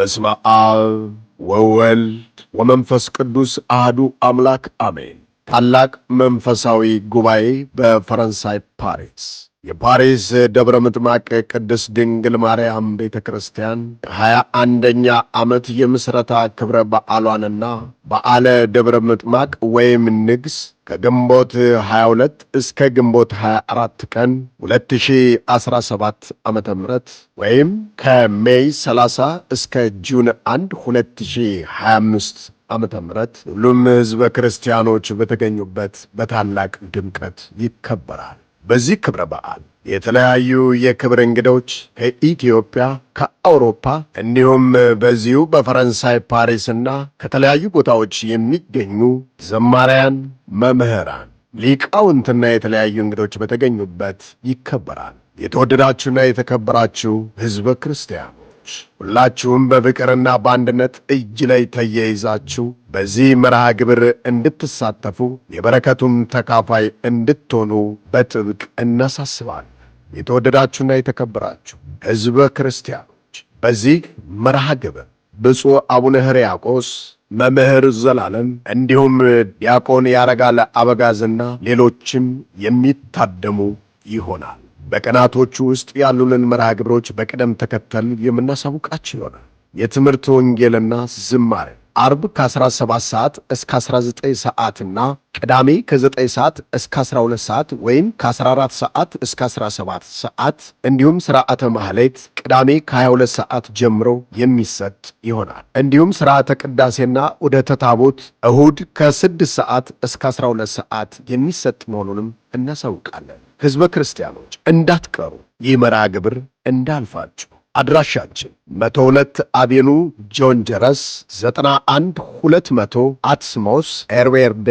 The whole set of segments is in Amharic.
በስመ አብ ወወልድ ወመንፈስ ቅዱስ አህዱ አምላክ አሜን። ታላቅ መንፈሳዊ ጉባኤ በፈረንሳይ ፓሪስ የፓሪስ ደብረ ምጥማቅ ቅድስት ድንግል ማርያም ቤተ ክርስቲያን ሀያ አንደኛ ዓመት የምስረታ ክብረ በዓሏንና በዓለ ደብረ ምጥማቅ ወይም ንግስ ከግንቦት 22 እስከ ግንቦት 24 ቀን 2017 ዓ ም ወይም ከሜይ 30 እስከ ጁን 1 2025 ዓመተ ምህረት ሁሉም ሕዝበ ክርስቲያኖች በተገኙበት በታላቅ ድምቀት ይከበራል። በዚህ ክብረ በዓል የተለያዩ የክብር እንግዶች ከኢትዮጵያ፣ ከአውሮፓ እንዲሁም በዚሁ በፈረንሳይ ፓሪስና ከተለያዩ ቦታዎች የሚገኙ ዘማሪያን፣ መምህራን፣ ሊቃውንትና የተለያዩ እንግዶች በተገኙበት ይከበራል። የተወደዳችሁና የተከበራችሁ ሕዝበ ክርስቲያን ሁላችሁም በፍቅርና በአንድነት እጅ ላይ ተያይዛችሁ በዚህ መርሃ ግብር እንድትሳተፉ የበረከቱም ተካፋይ እንድትሆኑ በጥብቅ እናሳስባል። የተወደዳችሁና የተከበራችሁ ሕዝበ ክርስቲያኖች በዚህ መርሃ ግብር ብፁዕ አቡነ ሕርያቆስ መምህር ዘላለም እንዲሁም ዲያቆን ያረጋል አበጋዝና ሌሎችም የሚታደሙ ይሆናል። በቀናቶቹ ውስጥ ያሉልን መርሃ ግብሮች በቅደም ተከተል የምናሳውቃችሁ ይሆናል። የትምህርት ወንጌልና ዝማሬ አርብ ከ17 ሰዓት እስከ 19 ሰዓትና ቅዳሜ ከ9 ሰዓት እስከ 12 ሰዓት ወይም ከ14 ሰዓት እስከ 17 ሰዓት እንዲሁም ስርዓተ ማህሌት ቅዳሜ ከ22 ሰዓት ጀምሮ የሚሰጥ ይሆናል። እንዲሁም ስርዓተ ቅዳሴና ዑደተ ታቦት እሁድ ከ6 ሰዓት እስከ 12 ሰዓት የሚሰጥ መሆኑንም እናሳውቃለን። ህዝበ ክርስቲያኖች እንዳትቀሩ፣ ይህ መርሃ ግብር እንዳልፋችሁ አድራሻችን 102 አቬኑ ጆን ጀረስ 91 200 አትስሞስ ኤርዌርዴ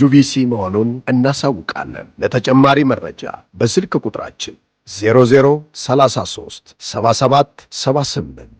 ጁቪሲ መሆኑን እናሳውቃለን። ለተጨማሪ መረጃ በስልክ ቁጥራችን 0033 77 78